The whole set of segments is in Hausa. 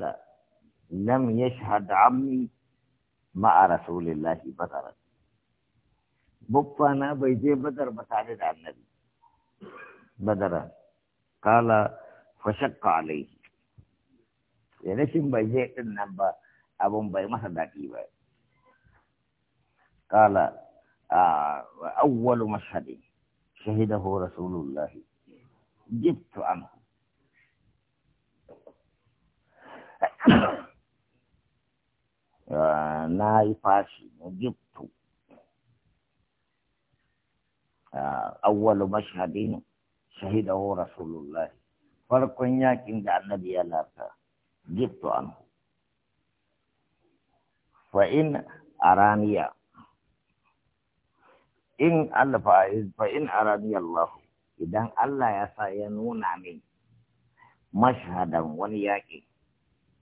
لا لم يشهد عمي مع رسول الله بدر بقنا بيجي بدر بتعرض عن النبي بدرا قال فشق عليه يعني شن بيجي النبى أبو بي مصدقي قال آه، أول مشهد شهده رسول الله جبت عنه Ah, na yi fashi na jibtu ah, awwalu mashhadin shahidahu rasulullahi farkon yakin da annabi ya lafa jibtu an fa in araniya in alfa fa in araniya Allah idan Allah ya sa ya nuna min mashhadan wani yakin.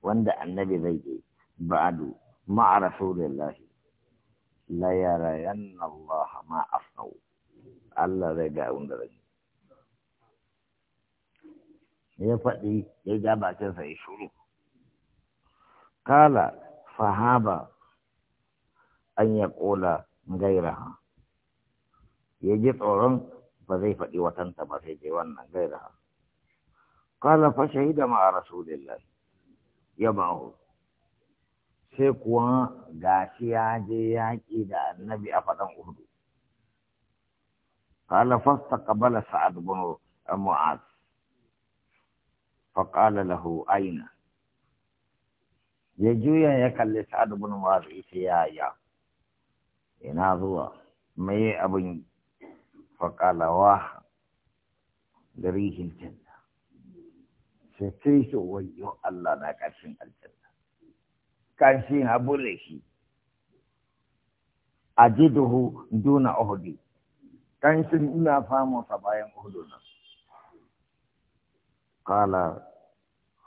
wanda annabi zai je ba'adu ma'a rasulillahi la yarayanna Allah ma afau Allah zai ga abin da zai ya faɗi ya ja bakinsa ya shuru kala fahaba an ya ƙola gairaha ya ji tsoron ba zai faɗi watanta ba sai dai wannan gairaha kala fa shahida ma'a rasulillahi ya sai kuwa gashi ya je yaƙi da annabi a faɗan uhudu قال فاستقبل سعد بن معاذ فقال له أين يجويا يكل سعد بن معاذ إسيا يا Ina zuwa mai أبن فقال واه لريه الجنة sai sai shi wayo Allah na ƙarshen aljanna ha habule shi a jiduhu duna kan shi ina famunsa bayan uhudu nan kala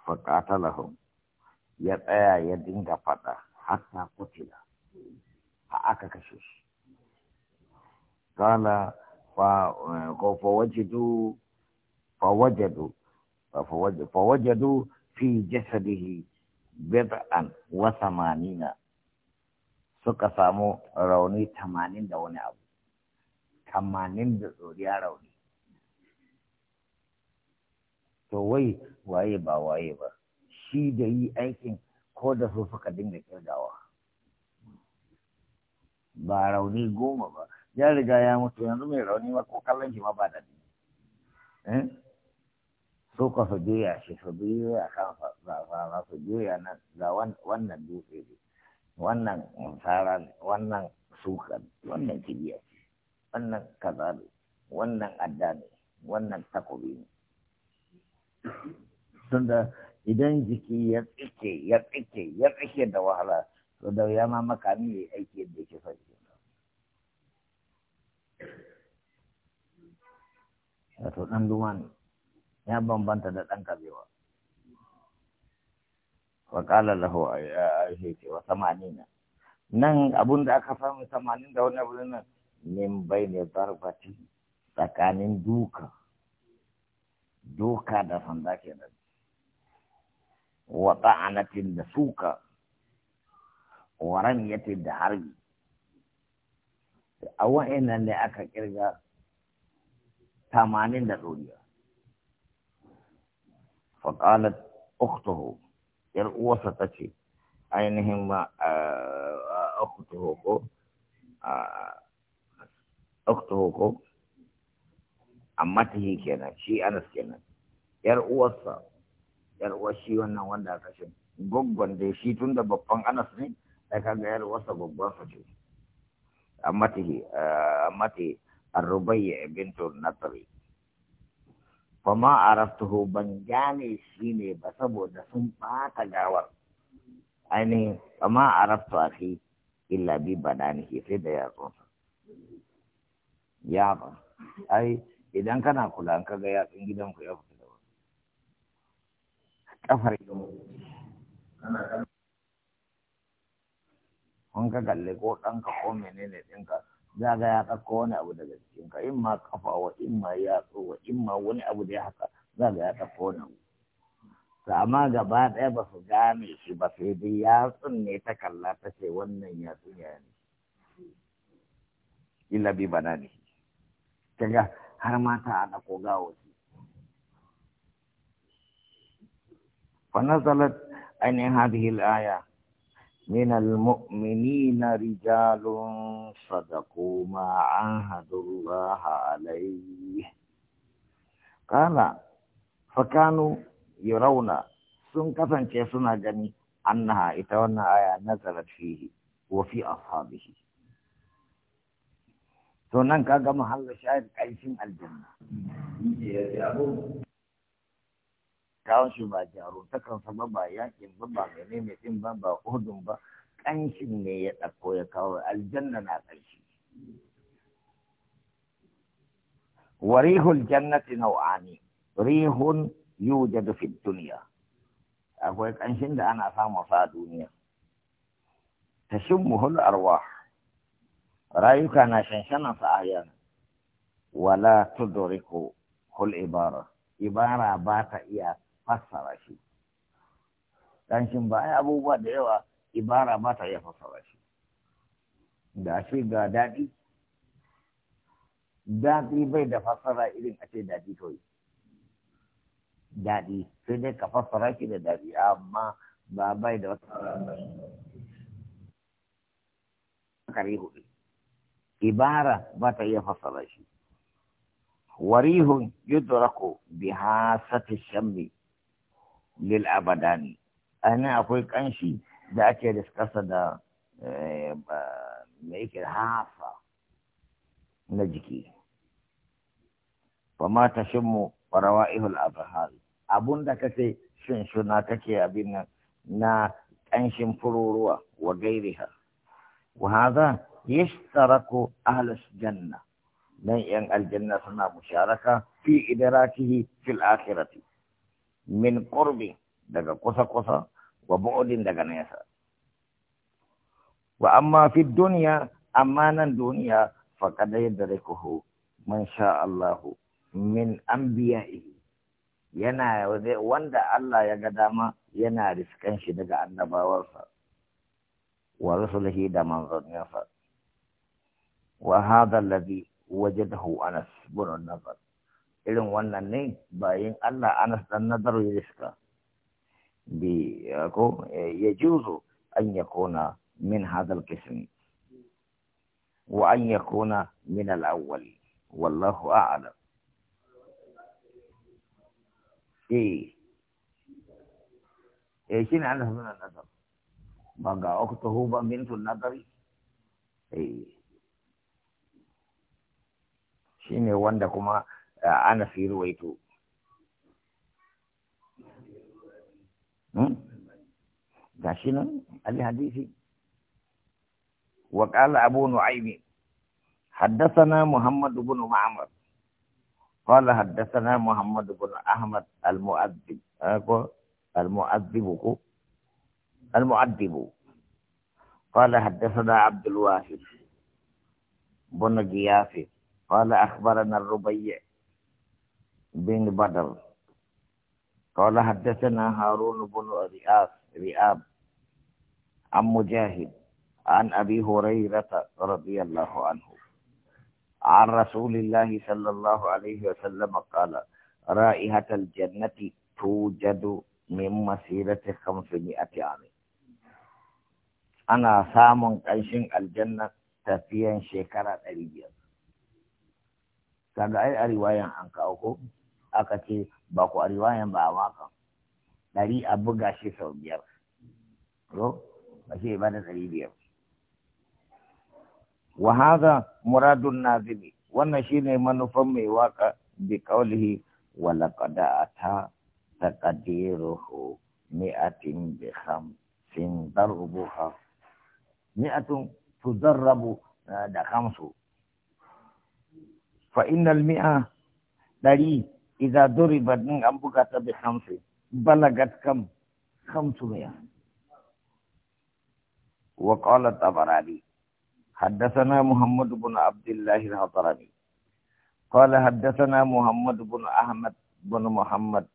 faƙatalahum ya tsaya ya dinga faɗa hatta kutila a aka kashe shi kala eh, fa wajidu fa wajadu فوجدوا في جسده bid'an wa samanina suka samu rauni tamanin da wani abu tamanin da tsoriya rauni to wai waye ba waye ba shi da yi aikin ko da su suka dinga kirgawa ba rauni goma ba ya riga ya mutu yanzu mai rauni ma ko kallon shi ma ba daɗi su ka su juya shi su juya kan fara su juya nan ga wannan dutse ne wannan fara wannan sukan wannan kibiya ce wannan kaza ne wannan adda ne wannan takobi ne tunda idan jiki ya tsike ya tsike ya tsike da wahala to da ya ma makami ya aiki yadda ke son Ya wato ɗan duma ne ya bambanta da ɗan kabewa wa ƙala lahu a ce wa samanina nan abun da aka samu samanin da wani abu nan min bai ne barbati tsakanin duka Duka da sanda kenan wa ta'anatin da suka waran ramyatin da harbi a nan ne aka kirga tamanin da ɗoriya فقالت أخته يرؤوسة تشي ainihin oktohoko oktohoko amma kenan shi anas kenan yar uwarsa yar uwar shi wannan wanda aka shi da shi tun da babban anas ne da kaga yar uwarsa gogon sa ce amma ta yi amma ta yi bintu natari ba ma a araftuhu ban gane shi ne ba saboda sun bata gawar ainihin ba ma a rafta a akhi illa bi ba da ni sai da ya yatsunsa ya ba ai idan kana kula an kaga ya tsin gidan ku ya fita da wani kafar yi mu kun ka kalle ko ɗanka ko menene ɗinka za ga ya ɗauko wani abu daga jikinka in ma kafa wa in ma yatsu wa in ma wani abu da ya haka za ga ya ɗauko wani abu to amma gaba ɗaya ba su gane shi ba sai dai yatsun ne ta kalla ta ce wannan yatsun ya ne illa bi bana ne kaga har mata a ɗauko gawaci fa nazalat ainihin hadhihi al-aya muminina صدقوا ما عاهدوا الله عليه قال فكانوا يرون sun kasance suna gani annaha ita wannan aya nazarat fihi wa fi ashabihi to nan kaga mahallin shahid kaifin aljanna kawon shi ba jaro ta kan ba yakin ba ba mai din ba ba ba ƙanshin ne ya ɗauko ya kawo aljanna na ƙanshi warihul jannati nau'ani rihun yujadu fi duniya akwai ƙanshin da ana samu sa a duniya Ta tashimmuhul arwa, rayuka na shanshanan sa ayan wala tudriku hul ibara ibara ba ta iya fassara shi ƙanshin ba ai abubuwa da yawa ibara ba ta iya fassara shi da shi ga daɗi daɗi bai da fassara irin a ce daɗi kawai daɗi sai dai ka fassara shi da daɗi amma ba bai da wata kare hudu ibara ba ta iya fassara shi warihun yudraku bi hasati shammi lil abadani ana akwai kanshi da ake diskasa da eh, mai yake hafa na jiki fama ta mu, ƙwarawa ihul abahal abun da kake shunshuna kake abin nan na ƙanshin fururuwa wa gairiha wa haza yashtaraku ahlus janna nan yan aljanna suna musharaka fi idrakihi fil akhirati min qurbi daga kusa kusa wa bu'udin daga nesa wa amma fi duniya amma nan duniya faqad yadrakuhu man sha Allahu min anbiya'ihi yana wanda Allah ya ga dama yana riskan shi daga annabawarsa wa rusulihi da manzanninsa wa hadha alladhi wajadahu Anas bin Nadar irin wannan ne bayan Allah Anas dan Nadar ya riska bi ko ya juzu an ya kona min hadal kismi wa an ya kona min al'awwali wallahu a'lam eh eh shine Allah subhanahu wa ta'ala ba ga uktuhu ba bintun nadari eh shine wanda kuma ana fi gashi نعم. nan حديثي وقال أبو نعيم حدثنا محمد بن معمر قال حدثنا محمد بن أحمد المؤدب المؤدب المؤدب قال حدثنا عبد الواحد بن قياس قال أخبرنا الربيع بن بدر قال حدثنا هارون بن رئاب عن مجاهد عن أبي هريرة رضي الله عنه عن رسول الله صلى الله عليه وسلم قال رائحة الجنة توجد من مسيرة خمسمائة عام أنا سامن كنشن الجنة تفيا شكرا أريد كان أي رواية عن كأوكو aka ce ba ku a riwayan ba a waka ɗari a buga shi sau biyar ro ba shi ba da ɗari biyar wa haza muradun nazimi wannan shine manufan mai waka bi qawlihi wa laqad ata taqdiruhu mi'atin bi khamsin darbuha mi'atun tudarrabu eh, da khamsu fa innal mi'a dari إذا ضربت من أبوك بخمس بلغت كم خمسمائة وقال الطبراني حدثنا محمد بن عبد الله الهطرمي قال حدثنا محمد بن أحمد بن محمد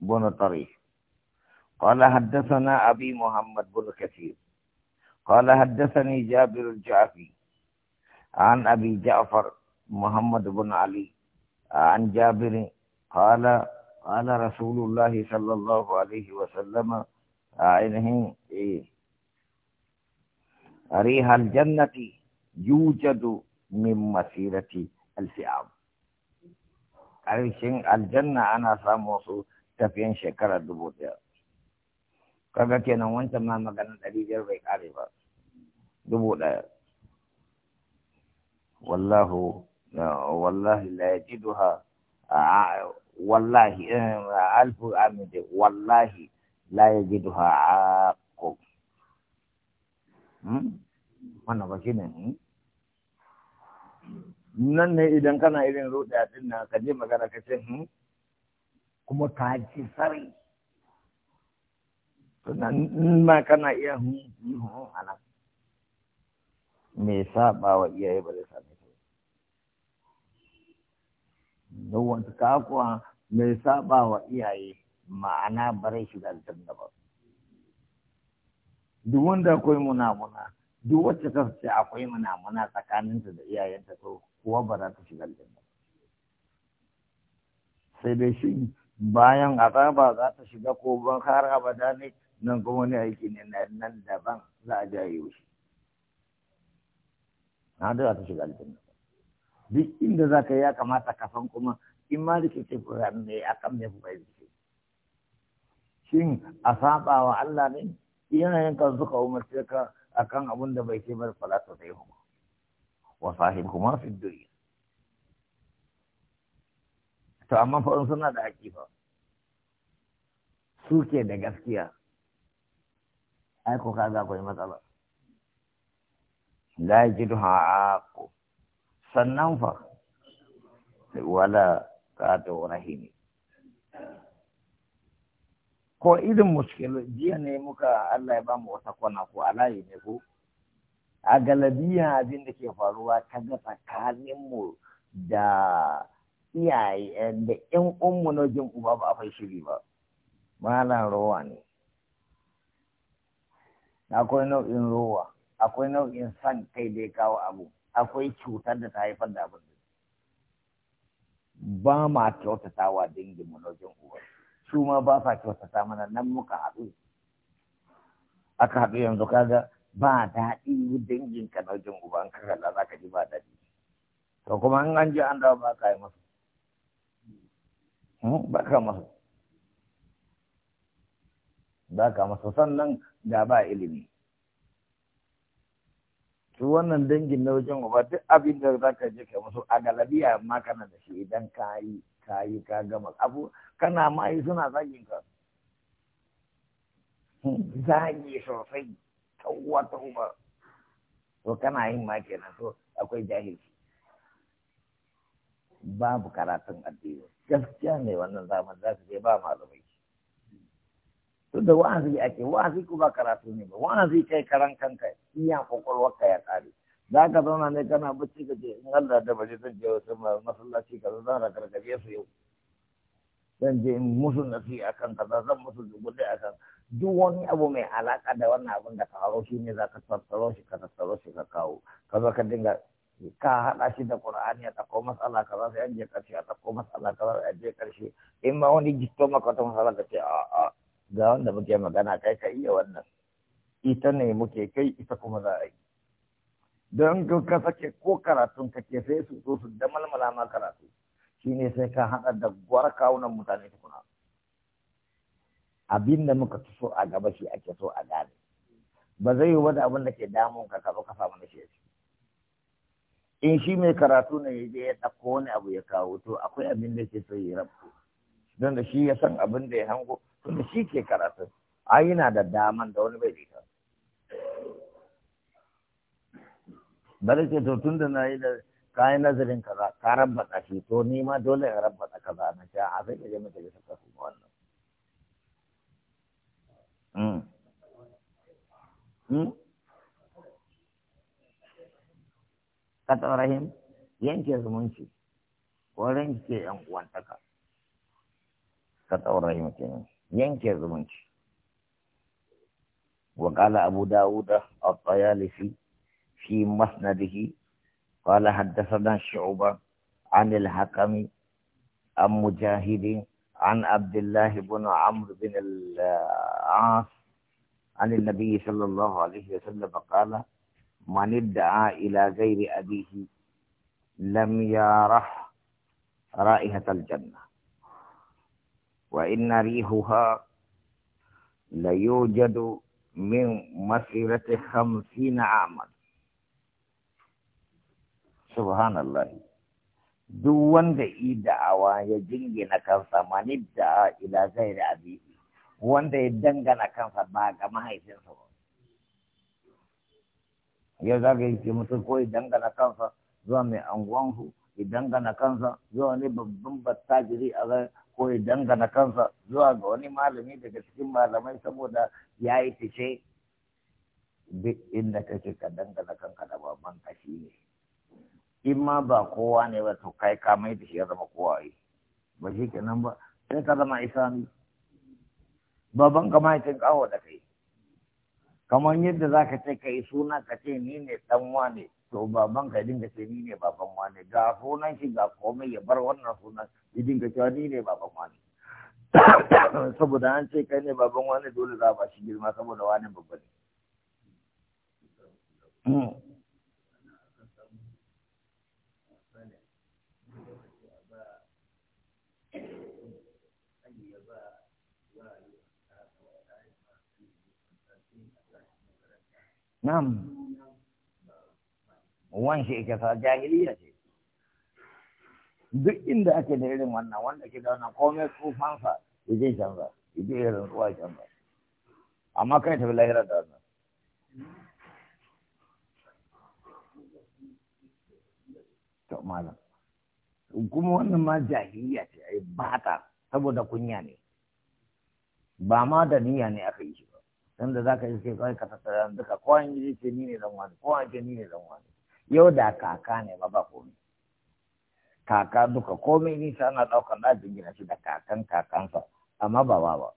بن طريق قال حدثنا أبي محمد بن كثير قال حدثني جابر الجعفي عن أبي جعفر محمد بن علي عن جابر قال قال رسول الله صلى الله عليه وسلم عنهم إيه ريح الجنة يوجد من مسيرة ألف عام الجنة أنا ساموسو تفين شكرا دبوتيا كما كان وانت ما مكان الذي جربك عارفة دبوتيا والله والله لا يجدها wallahi eh, alfu amide wallahi la yajiduha aqu ko hmm? wannan ba ne. Hmm? nan ne idan kana irin ruɗa din nan ka je magana ka ce hmm? kuma ka ji sarai tunan ma kana iya hmm hmm anan me ba wa iyaye ba zai same don wata kuwa mai saba wa iyaye ma'ana bare shi da da ba duk wanda akwai munamuna duk wacce ta ce akwai munamuna tsakaninta da iyayenta to kuwa ba za ta shiga ba. sai dai shi bayan azaba za ta shiga ko ban har abada ne nan kuma wani aiki ne nan daban za a jaye shi na da za ta shiga da duk inda za ka ya kamata ka san kuma in ma rikice ku me akan me kuka rikice shin a saba wa Allah ne yanayin kan suka umarce ka akan abin da bai ce bar falata sai huma wa sahib kuma fi dunya to amma fa suna da haƙi fa suke da gaskiya ai ko kaga akwai matsala la yajidu ha'aqu sannan fa wala kato rahimi ko irin muskilu jiya ne muka Allah ya ba mu wata kwana ko alayi ne ko a galabiya abin da ke faruwa ta ga mu da iyaye eh, da ƴan ummu na jin uba ba a fai shiri ba malan rowa ne akwai nau'in rowa akwai nau'in san kai dai kawo abu akwai cutar da ta haifar da abin ba ma kyautata wa dangin mu lojin uwa su ma ba sa kyautata mana nan muka haɗu aka haɗu yanzu kaga ba daɗi dangin ka lojin uba an kaga za ka ji ba daɗi to kuma in an je an dawo ba ka yi masu hmm? ba ka masu ba ka masu sannan ga ba ilimi su wannan dangin na wajen uba duk abin da za ka je ka musu a galabiya ma kana da shi idan ka yi ka yi ka gama abu kana ma yi suna zagin ka hmm, zagi sosai tawwa tawwa to kana yin ma kenan to akwai jahilci babu karatun addini gaskiya ne wannan zaman za su je ba malamai tunda wa'azi ake wa'azi ku ba karatu ne ba wa'azi kai karan kanka iya ka ya kare za ka zauna ne kana bacci ka ce in Allah da baje zan je wasu masallaci ka zan na gargaje su yau zan je in musu nasi a kan kaza zan musu dubuɗe a kan duk wani abu mai alaƙa da wannan abin da ka haro shi ne za ka tattaro shi ka tattaro shi ka kawo ka zo ka dinga ka haɗa shi da Qur'ani a tako matsala ka za an je ƙarshe a tako matsala ka za an je ƙarshe in ma wani gisto maka wata masala ka ce a'a ga wanda muke magana kai ka iya wannan ita ne muke kai ita kuma za a yi don ka sake ko karatun ka ke sai su so su da malmala ma karatu Shi ne sai ka haɗa da gwar kawunan mutane tukuna abin da muka fi so a gaba shi ake so a gane ba zai yi wani abin da ke damun ka ka kafa ka samu na in shi mai karatu ne ya ya ɗauko wani abu ya kawo to akwai abin da ke so ya rabu don da shi ya san abin da ya hango tunda shi ke karatu a yana da daman da wani bai da ita bari ce to tun da na yi da kayan nazarin kaza ka rabbata shi to ni ma dole in rabbata kaza na sha a sai ka je mata saka kasu wannan Ka hmm. Mm. Kata Rahim, yanke zumunci, ko ranke ‘yan uwantaka, kata Rahim kenan. ينكر منك وقال أبو داود الطيالسي في مسنده قال حدثنا شعبة عن الحكم أم مجاهد عن عبد الله بن عمرو بن العاص عن النبي صلى الله عليه وسلم قال من ادعى إلى غير أبيه لم يرح رائحة الجنة وإن ريحها ليوجد من مسيرة خمسين عاما سبحان الله duk wanda yi da'awa ya jingina kansa mani da ila zai da wanda ya dangana kansa ba ga mahaifinsa ba Ya za ka yi ce mutum ko ya dangana kansa zuwa mai anguwansu ya dangana kansa zuwa ne babban battajiri a ko ya dangana kansa zuwa ga wani malami daga cikin malamai saboda ya yi fice duk inda kake ka dangana kanka da babban kashi ne in ma ba kowa ne ba to kai ka mai da shi ya zama kowa yi ba shi kenan ba sai ka zama isami baban ka mahaifin kawo da kai kamar yadda za ka ce ka yi suna ka ce ni ne ɗan wane to baban ka dinga ce ni ne baban wani ga sunan shi ga komai ya bar wannan sunan ya dinga cewa ni ne baban wani saboda an ce kai ne baban wani dole za ba shi girma saboda wani babban Nam. Hmm. Na'am. shi ike sa jahiliya ce duk inda ake da irin wannan wanda ke da wannan komai tsufansa ya je canza ya je irin ruwa canza amma kai tafi lahira da wannan to malam kuma wannan ma jahiliya ce ai bata saboda kunya ne ba ma da niyya ne aka yi shi ba sanda za ka yi sai kawai ka tattara duka an yi ce ni ne dan wani an ce ni ne dan wani yau da kaka ne ma ba komai kaka duka komai nisa na ɗaukar na jingina shi da kakan kakansa amma ba ba ba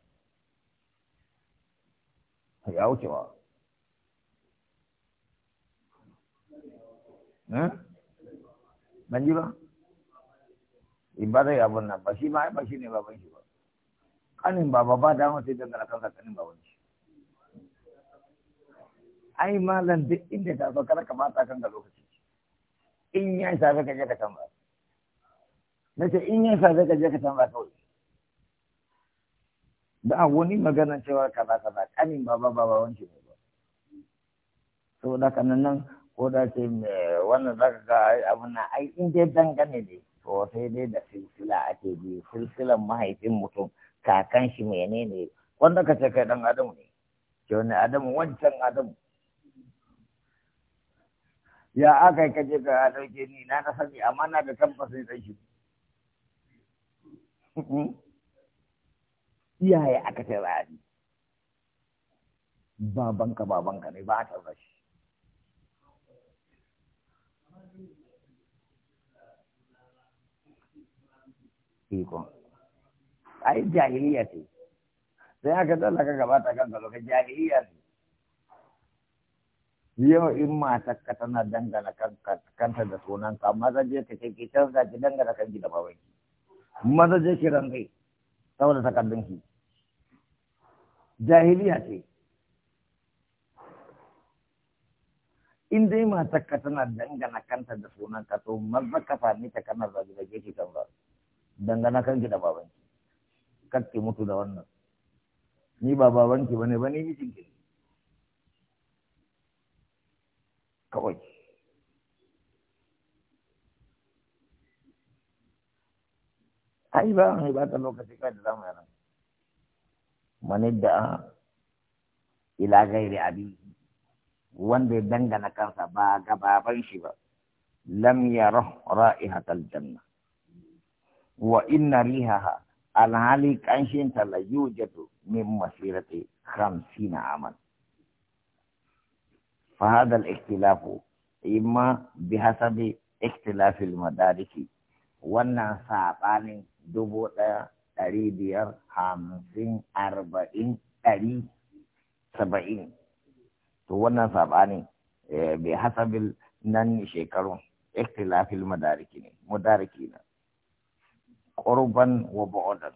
ya wuce ba hmm? ban ji ba ibada ya abin nan ba shi ma ba shi ne ban shi ba kanin ba ba da sai dangana kansa kanin ban shi ai malam duk inda ta zo kada kamata kan ga lokaci in ya safe ka je ka tamba na ce in ya safe ka je ka tamba kawai da wani magana cewa kaza kaza kanin baba baba wanke ne ba da haka nan ko da ce me wannan zaka ga abu nan ai in dai dangane ne to sai dai da silsila ake bi silsilan mahaifin mutum kakan shi menene wanda ka ce kai dan adamu ne ke wani adamu wancan adamu ya aka yi kaje ka dauke ni na na sani amma na da tabbas ne dan shi iyaye aka ta baban ka babanka babanka ne ba a taura shi ikon ai jahiliya ce sai aka tsallaka gabata kanka lokacin jahiliya ce yau in matarka tana dangana kanta da sunanka maza je ka ce ki za ki dangana kanki da babanki maza je ki rangai saboda ki jahiliya ce in dai matarka tana dangana kanta da sunanka to maza ka sami ta kana zagi da ki ba dangana kanki da babanki kar ki mutu da wannan ni ba babanki bane ba ni mijinki ne كويس ایبا ایبا ته نو کې کوي دا مې نه منه دا الهغه لري ابي وان دنګ نه کا سبا غبا پنشي لم يره رائحه الجنه وان ريحه العالي كان شين تلا يوجد من مسيرة خمسين عاما فهذا الاختلاف إما بحسب اختلاف المدارك wannan saɓanin dubu ɗaya ɗari biyar hamsin arba'in ɗari saba'in to wannan saɓanin bai hasabil nan shekarun ikhtilafil madariki ne madariki na qurban wa bu'dan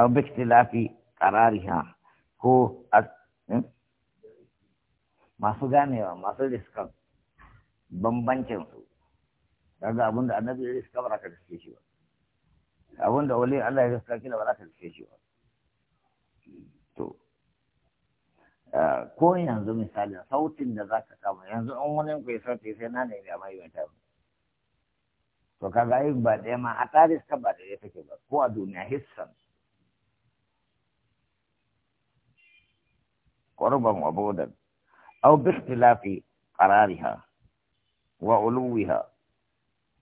aw bi ikhtilafi qarariha ko masu ganewa masu riskan bambancin su daga abin da annabi ya riska ba za ka riske shi ba abin da wali Allah ya riska kila ba za ka riske shi ba to ko yanzu misali sautin da za ka kama yanzu an wani ku ya sauti sai na ne a mai wata to ka ga ba ɗaya ma a taris ka ba ya take ba ko a duniya hissan qurban wa أو باختلاف قرارها وعلوها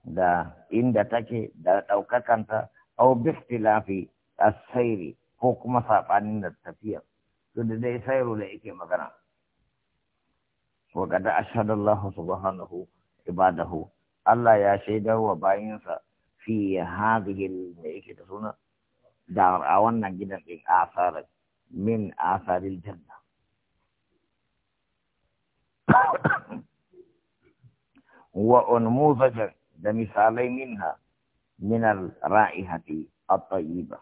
دا إن دا تكي دا توككنت أو باختلاف السير حكم سابان التفير كده دا يسير لإيكي مغنى وقد أشهد الله سبحانه عباده الله يا شيدا وباينسا في هذه الإيكي تسونا دار أولنا جدا في آثار من آثار الجنة وأنموذجا ده منها من الرائحة الطيبة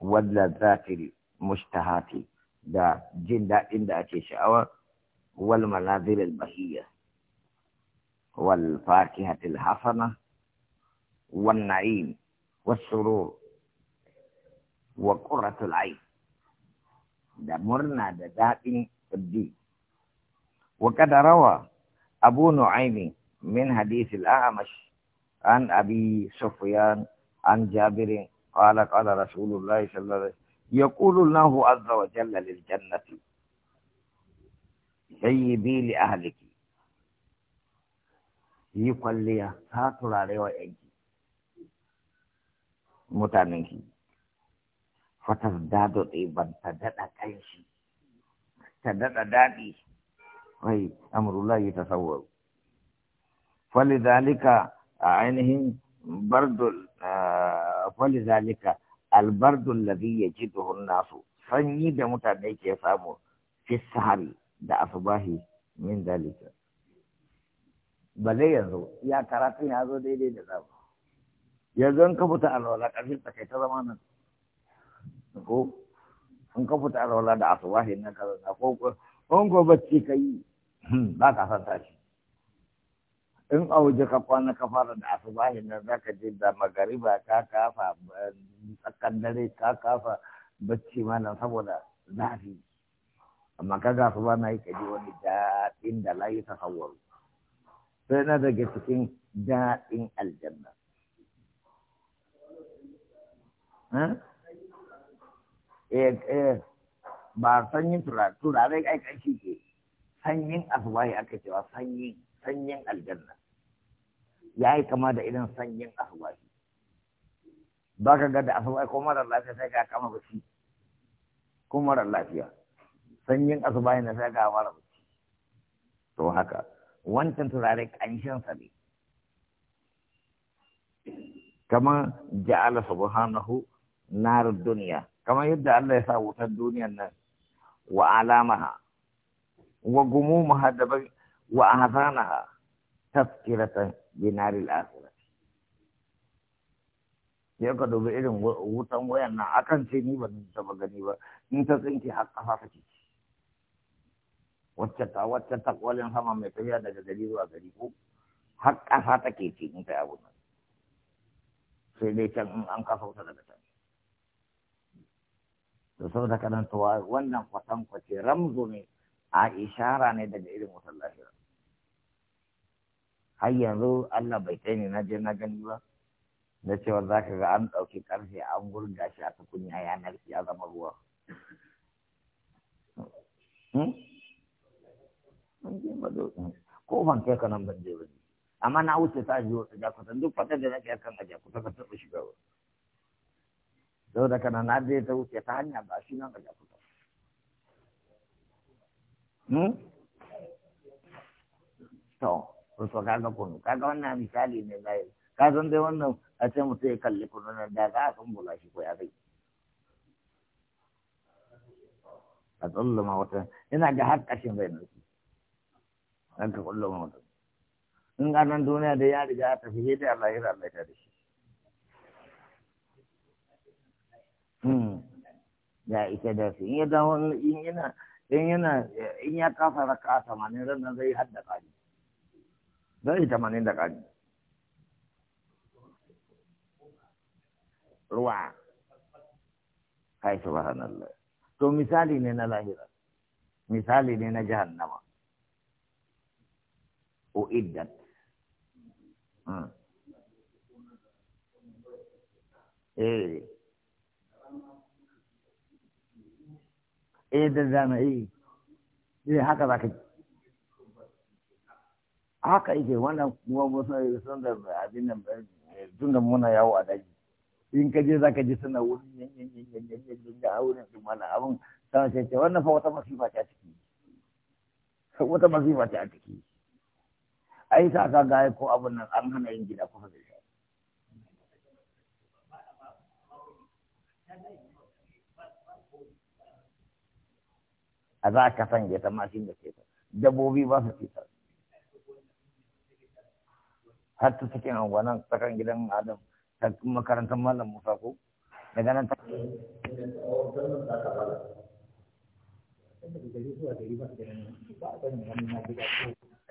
واللذات المشتهات دا جن ده إن ده والمنازل البهية والفاكهة الحسنة والنعيم والسرور وقرة العين دا مرنا دا دائم الدين وقد روى أبو نعيم من حديث الأعمش عن أبي سفيان عن جابر قال قال رسول الله صلى الله عليه وسلم يقول الله عز وجل للجنة سيبي لأهلك يقول لي ساتر علي وإنجي متانكي فتزداد طيبا تدد كيشي تدد دادي kai amrullahi tasawwur falidhalika ainihin bardul falidhalika albardul ladhi yajiduhu an-nasu sanyi da mutane ke samu fi sahari da asubahi min dalika ba zai yanzu ya karatun ya zo daidai da zamu yanzu in kafuta alwala ƙarfin ta kai ta zama nan ko in kafuta alwala da asubahi na kaza ko ko in ko bacci ka yi Hmm, ba ka san shi in a waje ka kwana ka fara da asubahin nan za ka je da magariba ka kafa eh, tsakan dare ka kafa bacci ma nan saboda zafi amma ka ga asuba na yi kaji wani daɗin da layi ta hawaru sai na daga cikin daɗin aljanna eh, eh, eh ba san yin turare turare ai ke sanyin asubahi aka cewa sanyin sanyin aljanna ya yi kama da irin sanyin asubahi ba ka ga da asubahi ko marar lafiya sai ka kama bashi ko marar lafiya sanyin asubahi na sai ka mara bashi to haka wancan turare kanshin sa ne kama ja'ala subhanahu nar duniya kamar yadda Allah ya sa wutar duniyar nan wa alamaha وغمومها دبغ وأحزانها تذكرة بنار الآخرة ya ka dubi irin wutan wayan nan akan ce ni ban taba gani ba in ta tsinki har kafa take wacce ta wacce ta kwalin sama mai tafiya daga gari zuwa gari ko har kafa ke ce in ta abu nan sai dai can in an kafa wuta daga can to saboda kanan wannan kwatan kwace ramzo ne a ishara ne daga irin wutar lahira har yanzu Allah bai kai ni na je na gani ba da cewa za ka ga an ɗauki ƙarfe an gurga shi a tukunya yanar ya zama ruwa hmm? hmm. ko ban kai ka nan ban je ba amma na wuce ta biyo ta jakutan duk fatan da nake kan a jakutan ka taɓa shiga ba saboda kana na je ta wuce ta hanya ba shi nan a jakutan Hmm? to to kaga kunu kaga wannan misali ne na ka san dai wannan a ce mutum ya kalli kunu nan da ga san bula shi ko ya kai a ma wata ina ga har ƙashin bai nufi an ka ma wata in ga nan duniya da ya riga ta fi hidda Allah ya Allah ta da shi hmm. ya ita da su in ya dawo in yana in yana in ya kasa raka tamanin ran nan zai hadda kari zai tamanin da kari ruwa kai subhanallah to misali ne na lahira misali ne na jahannama o iddat hmm. eh eh da zama'i eh. eh haka za ka ji haka yake wannan kuma musa sun da abin nan eh, tun da muna yawo a daji in ka je ka ji suna wurin yan yan yan ne yan da auren su mana abun sana cece wannan fa wata masifa ce a ciki wata masifa ce a ciki a yi sa ka ga ko abin nan an hana yin gida kusa da shi a za ka sanya ta mashin da ce ta dabbobi ba su cutar har ta cikin angonan tsakan gidan adam ta makarantar malam musa ko daga nan ta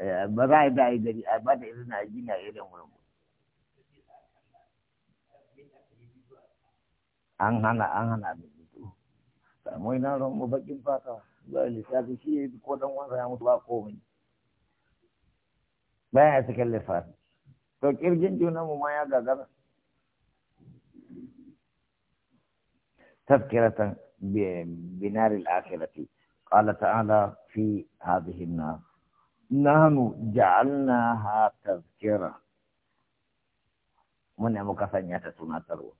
eh, ba za a da a yi gari a ba da irin a gina irin wurin an hana an hana da mutu samu ina ran mu bakin fata بقى اللي شيء بيكون أول ما يموت بقى فكيف جنجي ونمو ما تذكرة بنار الآخرة قال تعالى في هذه النار نحن جعلناها تذكرة من مكفن يتسونا تروح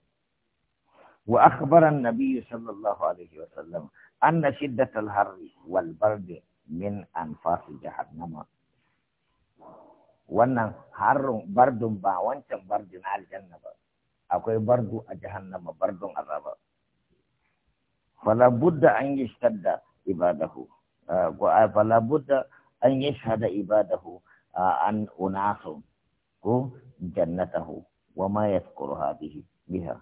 وأخبر النبي صلى الله عليه وسلم أن شدة الحر والبرد من أنفاس جهنم wannan harin bardun ba wancan bardun na aljanna ba akwai bardu a jahannama bardun azaba fala budda an yashtadda ibadahu fala budda an yashhada ibadahu an unasu ko jannatahu wa ma yadhkuru hadhihi biha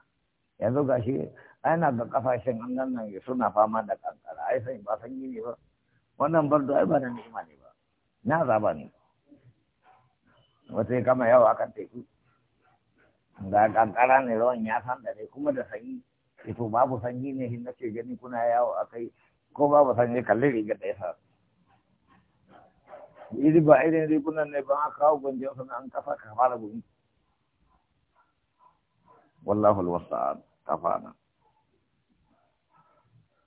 yanzu ga shi ana ga kafashen an nan suna fama da kankara ai sai ba sanyi ne ba wannan bardo ai ba da ni'ima ne ba na zaba ne wata ya kama yawa akan teku ga kankara ne rawan ya san da ne kuma da sanyi eh to babu sanyi ne hin nake gani kuna yawo akai ko babu sanyi kalli riga da yasa idi ba irin rigunan ne ban aka kawo gwanjen suna an kafa ka fara gumi wallahu alwasa'ad kafana